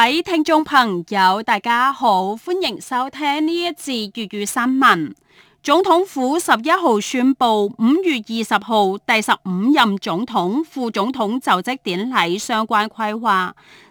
各位聽眾朋友，大家好，歡迎收聽呢一節粵語新聞。總統府十一號宣布，五月二十號第十五任總統副總統就職典禮相關規劃。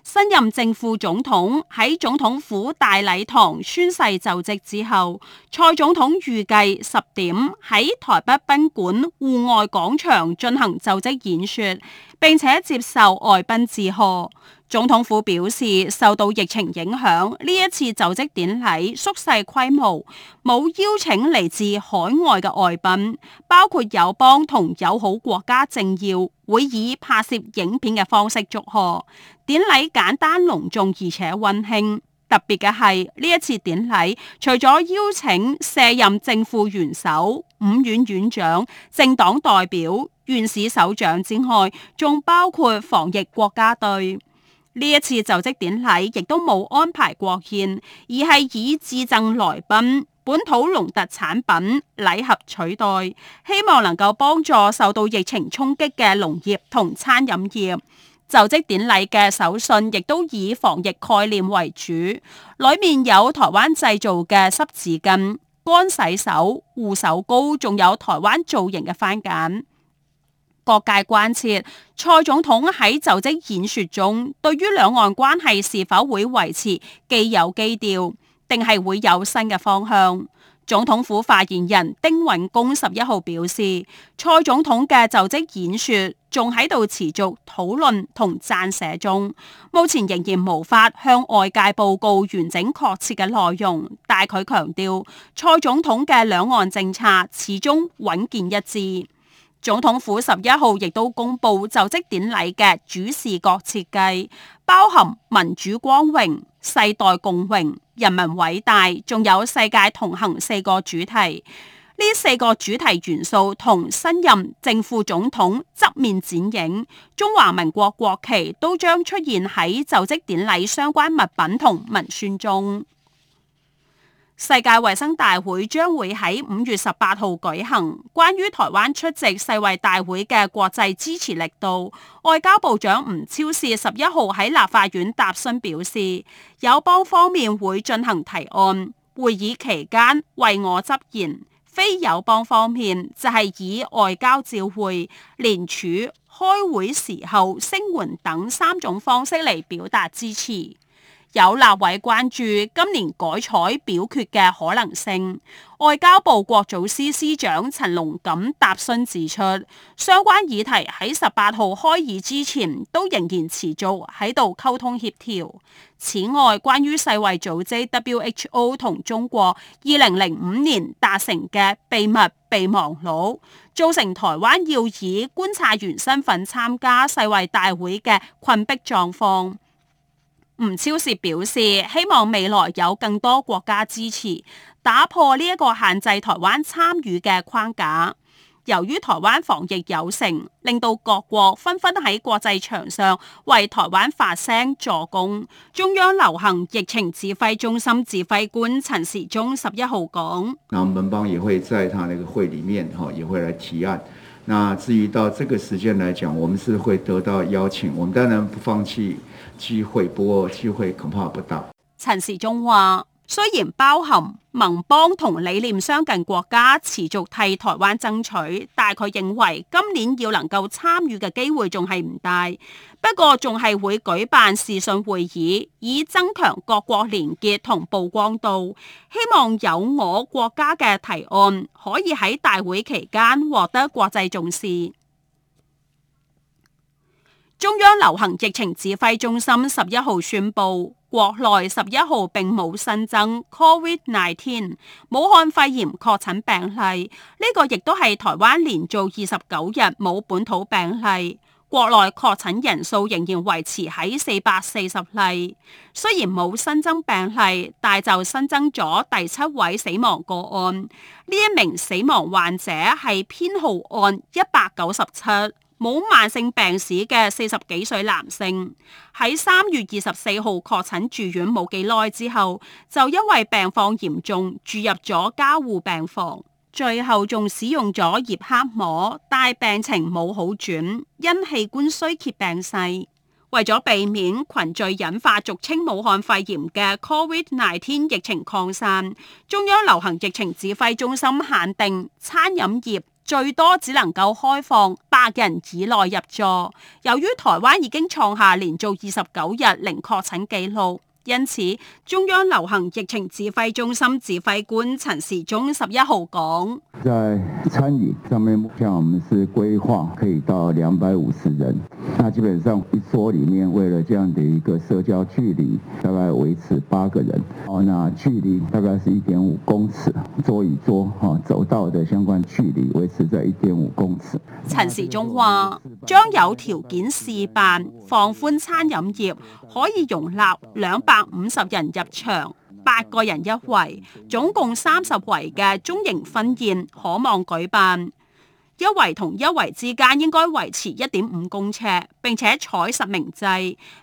新任正副總統喺總統府大禮堂宣誓就職之後，蔡總統預計十點喺台北賓館戶外廣場進行就職演說，並且接受外賓致賀。總統府表示，受到疫情影響，呢一次就職典禮縮細規模，冇邀請嚟自海外嘅外賓，包括友邦同友好國家政要。會以拍攝影片嘅方式祝賀典禮，簡單隆重而且溫馨。特別嘅係呢一次典禮，除咗邀請卸任正副元首、五院院長、政黨代表、院士首長之外，仲包括防疫國家隊。呢一次就職典禮亦都冇安排國宴，而係以致贈來賓。本土農特產品禮盒取代，希望能夠幫助受到疫情衝擊嘅農業同餐飲業。就職典禮嘅手信亦都以防疫概念為主，裡面有台灣製造嘅濕紙巾、乾洗手、護手膏，仲有台灣造型嘅番梘。各界關切，蔡總統喺就職演說中，對於兩岸關係是否會維持既有基調，定係會有新嘅方向。總統府發言人丁允恭十一號表示，蔡總統嘅就職演說仲喺度持續討論同撰寫中，目前仍然無法向外界報告完整確切嘅內容。但佢強調，蔡總統嘅兩岸政策始終穩健一致。總統府十一號亦都公布就職典禮嘅主視覺設計，包含民主光榮、世代共榮、人民偉大，仲有世界同行四個主題。呢四個主題元素同新任正副總統側面剪影，中華民國國旗都將出現喺就職典禮相關物品同文宣中。世界衛生大會將會喺五月十八號舉行，關於台灣出席世衛大會嘅國際支持力度，外交部長吳釗燮十一號喺立法院答詢表示，友邦方面會進行提案，會議期間為我執言，非友邦方面就係以外交照會、聯署、開會時候聲援等三種方式嚟表達支持。有立委關注今年改採表決嘅可能性，外交部國組司司長陳龍錦答詢指出，相關議題喺十八號開議之前都仍然持續喺度溝通協調。此外，關於世衛組織 WHO 同中國二零零五年達成嘅秘密備忘錄，造成台灣要以觀察員身份參加世衛大會嘅困迫狀況。吳超説，表示希望未來有更多國家支持，打破呢一個限制台灣參與嘅框架。由於台灣防疫有成，令到各國紛紛喺國際場上為台灣發聲助攻。中央流行疫情指揮中心指揮官陳時中十一號講，那民邦也會在他那個會裡面，也會來提案。那至於到這個時間來講，我們是會得到邀請。我們當然不放棄機會，不過機會恐怕不大。陳時中話。雖然包含盟邦同理念相近國家持續替台灣爭取，但佢認為今年要能夠參與嘅機會仲係唔大。不過仲係會舉辦視訊會議，以增強各國連結同曝光度。希望有我國家嘅提案可以喺大會期間獲得國際重視。中央流行疫情指揮中心十一號宣佈。國內十一號並冇新增 COVID nineteen 武漢肺炎確診病例，呢、這個亦都係台灣連續二十九日冇本土病例。國內確診人數仍然維持喺四百四十例，雖然冇新增病例，但就新增咗第七位死亡個案。呢一名死亡患者係編號案一百九十七。冇慢性病史嘅四十幾歲男性，喺三月二十四號確診住院冇幾耐之後，就因為病況嚴重，住入咗加護病房，最後仲使用咗葉克膜，但病情冇好轉，因器官衰竭病逝。為咗避免群聚引發俗稱武漢肺炎嘅 Covid-19 疫情擴散，中央流行疫情指揮中心限定餐飲業。最多只能夠開放八人以內入座。由於台灣已經創下連續二十九日零確診記錄。因此，中央流行疫情指揮中心指揮官陳時中十一號講：在餐飲上面目前我們是規劃可以到兩百五十人。那基本上一桌裏面，為了這樣的一個社交距離，大概維持八個人。哦，那距離大概是一點五公尺，桌與桌，哈，走道的相關距離維持在一點五公尺。陳時中話，將有條件試辦，放寬餐飲業，可以容納兩百。百五十人入場，八個人一圍，總共三十圍嘅中型婚宴可望舉辦。一圍同一圍之間應該維持一點五公尺，並且採實名制。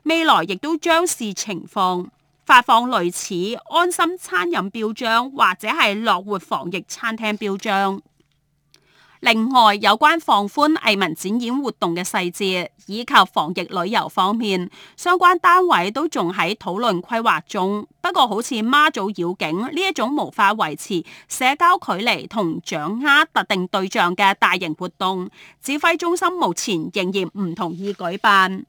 未來亦都將視情況發放類似安心餐飲標章或者係樂活防疫餐廳標章。另外，有關放寬藝文展演活動嘅細節，以及防疫旅遊方面，相關單位都仲喺討論規劃中。不過，好似媽祖繞境呢一種無法維持社交距離同掌握特定對象嘅大型活動，指揮中心目前仍然唔同意舉辦。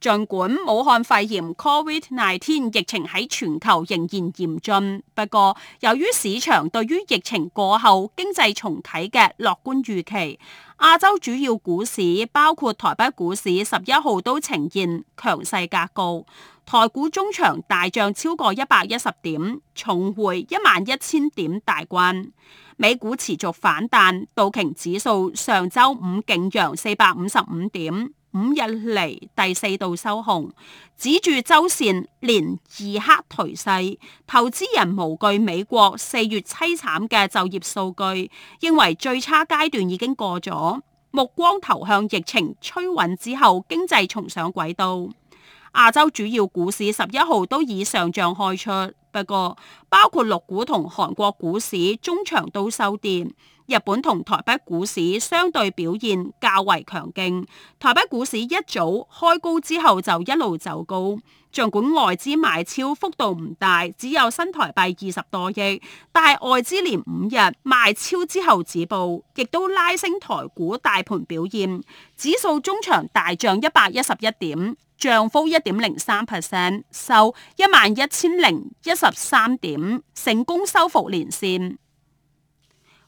儘管武漢肺炎 （Covid-19） 疫情喺全球仍然嚴峻，不過由於市場對於疫情過後經濟重啟嘅樂觀預期，亞洲主要股市包括台北股市十一號都呈現強勢格局，台股中場大漲超過一百一十點，重回一萬一千點大關。美股持續反彈，道瓊指數上週五勁揚四百五十五點。五日嚟第四度收紅，指住周線連二黑頹勢，投資人無懼美國四月淒慘嘅就業數據，認為最差階段已經過咗，目光投向疫情趨緩之後經濟重上軌道。亞洲主要股市十一號都以上漲開出，不過包括陸股同韓國股市中場都收跌。日本同台北股市相對表現較為強勁，台北股市一早開高之後就一路走高，儘管外資買超幅度唔大，只有新台幣二十多億，但係外資連五日買超之後止步，亦都拉升台股大盤表現，指數中場大漲一百一十一點，漲幅一點零三 percent，收一萬一千零一十三點，成功收復年線。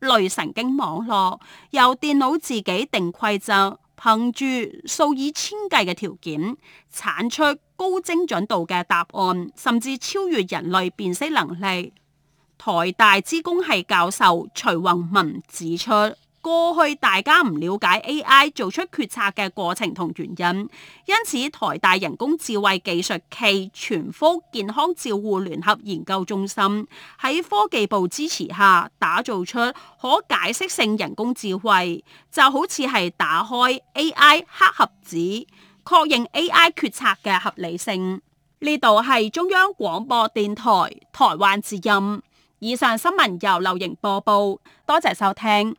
類神經網絡由電腦自己定規則，憑住數以千計嘅條件，產出高精準度嘅答案，甚至超越人類辨識能力。台大資工系教授徐宏文指出。過去大家唔了解 AI 做出決策嘅過程同原因，因此台大人工智慧技術暨全科健康照護聯合研究中心喺科技部支持下，打造出可解釋性人工智慧，就好似係打開 AI 黑盒子，確認 AI 決策嘅合理性。呢度係中央廣播電台台灣之音。以上新聞由劉瑩播報，多謝收聽。